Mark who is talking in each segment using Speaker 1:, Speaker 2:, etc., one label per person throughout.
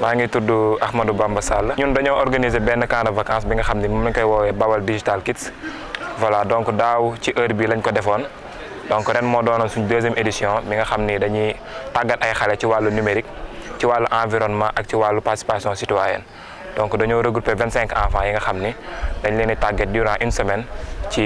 Speaker 1: maa ngi tudd Ahmadou Bamba Sall ñun dañoo organiser benn camp de vacances bi nga xam ni moom lañ koy woowee Bawal Digital Kids voilà donc daaw ci heure bi lañ ko defoon donc ren moo doonoon suñ deuxième édition bi nga xam ni dañuy tàggat ay xale ci wàllu numérique ci wàllu environnement ak ci wàllu participation citoyenne donc dañoo regroupé vingt cinq enfants yi nga xam ni dañ leen di tàggat durant une semaine ci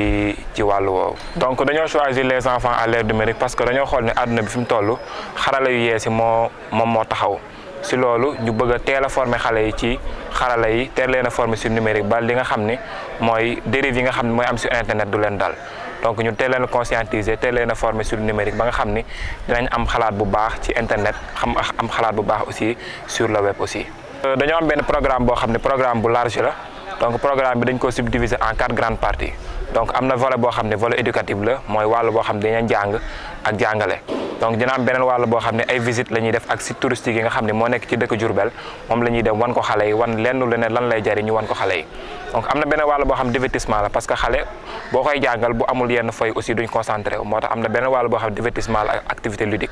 Speaker 1: wàllu woowu. donc dañoo choisir les enfants à l'ère numérique parce que dañoo xool ne àdduna fi mu toll xarala yu yees yi moo moom moo taxaw. si loolu ñu bëgg a teel xale yi ci xarala yi teel leen a former si numérique ba li nga xam ne mooy dérive yi nga xam ne mooy am si internet du leen dal donc ñu teel leen a conscientiser teel leen a former sur numérique ba nga xam ni dinañ am xalaat bu baax ci internet xam am xalaat bu baax aussi sur le web aussi. Euh, dañoo am benn programme boo xam ne programme bu large la donc programme bi dañ ko subdiviser en quatre grandes parties donc am na volet boo xam ne volet éducatif la mooy wàll boo xam ne dañu jàng ak jàngale. donc dina am beneen wàll boo xam ne ay visite la ñuy def ak site touristique yi nga xam ne moo nekk ci dëkk Diourbel moom la dem wan ko xale yi wan lenn lu ne lan lay jariñ ñu wan ko xale yi donc am na beneen wàll boo xam divertissement la parce que xale boo koy jàngal bu amul yenn fooy aussi duñ concentré moo tax am na beneen wàll boo xam divertissement la ak activité ludique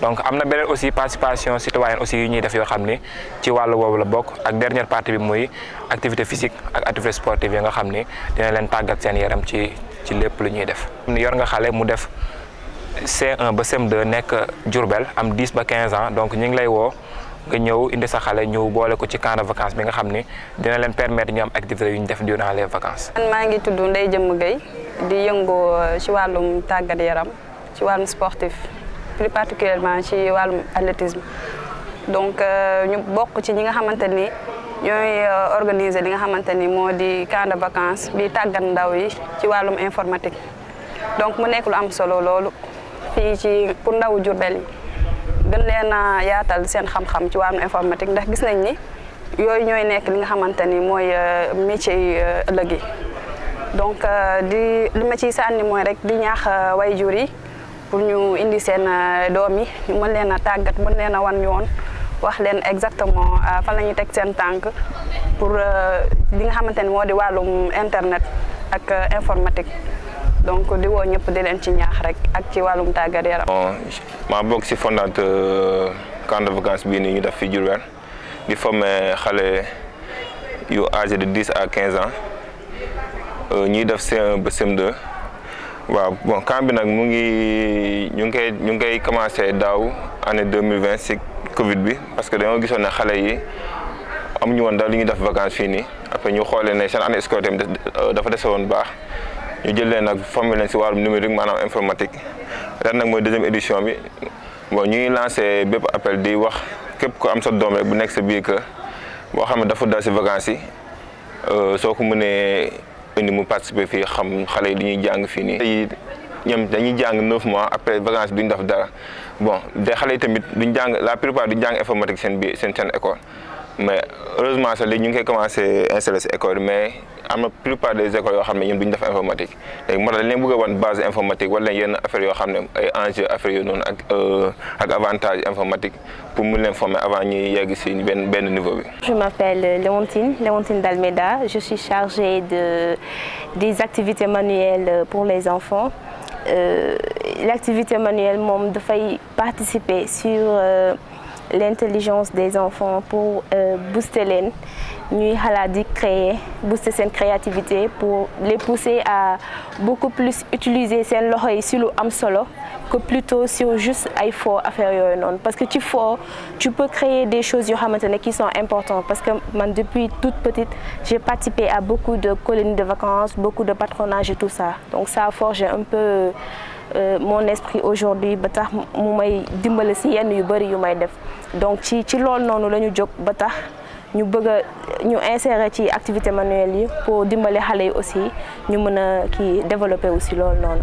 Speaker 1: donc am na beneen aussi participation citoyenne aussi yu ñuy def yoo xam ni ci wàllu woowu la bokk ak dernière partie bi muy activité physique ak activité sportive yi nga xam ni dina leen tàggat seen yaram ci ci lépp lu ñuy def yor nga xale mu def C1 ba CM2 nekk Diourbel am 10 ba 15 ans donc ñu ngi lay woo nga ñëw indi sa xale ñëw boole ko ci camp de bi nga xam ni dina leen permettre ñu am activité yu ñu def durant les vacances.
Speaker 2: man maa ngi tuddu nday Jëmm Gueye di yëngoo euh, ci wàllum tàggat yaram ci wàllum sportif plus particulièrement ci wàllum athlétisme donc euh, ñu bokk ci ñi nga xamante ni ñooy euh, organiser li nga xamante ni moo di camp de bi tàggat ndaw yi ci wàllum informatique donc mu nekk lu am solo fii ci pour ndawu Jurbel yi gën leen a yaatal seen xam-xam ci wàllum informatique ndax gis nañ ni yooyu ñooy nekk li nga xamante ni mooy euh, métier yi euh, ëllëg yi donc euh, di li ma ciy sànni mooy rek di ñaax wayjur yi pour ñu indi seen doom yi ñu mën leen a tàggat mën leen a wan yoon wax leen exactement fan la ñuy teg seen tànk pour li nga xamante ni moo di wàllum internet ak informatique donc di woo ñëpp di leen ci ñaax rek ak ci wàllum tàggat yaram.
Speaker 3: ma maa bokk si fondateur euh, camp de vacances bii nii ñu def fii Diourbel di former xale yu age de dix à quinze ans euh, ñuy def cm ba cm de waaw bon camp nag mu ngi ñu ngi koy ñu ngi koy commencé daaw année deux mille vingt si Covid bi parce que dañoo gisoon ne xale yi. am ñu woon daal li ñuy def vacances fii nii après ñu xoolee ne seen année scolaire euh, dafa dese woon baax ñu jël leen nag formé leen si wàllum numérique maanaam informatique ren nag mooy deuxième édition bi bon ñu ngi lancé bépp appel di wax képp ku am sa doom rek bu nekk sa biir kër boo xam ne dafa dal si vacances yi euh, soo ko mënee indi mu participer fii xam xale yi dañuy jàng fii nii. ñoom dañuy jàng neuf mois après vacances duñ def dara bon te xale yi tamit duñ jàng la plupart duñ jàng informatique seen bi seen seen école. mais heureusement sax léegi ñu ngi koy commencé installé si école mais am na plupart des écoles yoo xam ne ñoom du ñu def informatique léegi moo tax dañ a wan base informatique wala yenn affaires yoo xam euh, informatique pour mun leen former avant ñuy yegg si benn benn niveau bi.
Speaker 4: je m'appelle Léontine Léontine Dalmeda je suis chargée des activités manuelles pour les enfants euh, l'activité manuelle moom dafay participer sur. Euh, l'intelligence des enfants pour euh, booster leen ñuy xalaat di créer booster seen créativité pour les pousser à beaucoup plus utiliser seen loxo yi si lu am solo que plutôt sur juste ay fo affaire yooyu noonu parce que ci fo tu peux créer des choses yoo xamante ne qui sont importantes parce que man depuis toute petite j'ai participé à beaucoup de colonies de vacances beaucoup de patronage et tout ça donc ça a un peu Euh, mon esprit aujourd'hui ba tax mu may dimbali si yenn yu bëri yu may def donc ci ci loolu noonu la ñu jóg ba tax ñu bëgg ñu insérer ci activité manuelle yi pour dimbali xale yi aussi ñu mën a kii wu aussi loolu noonu.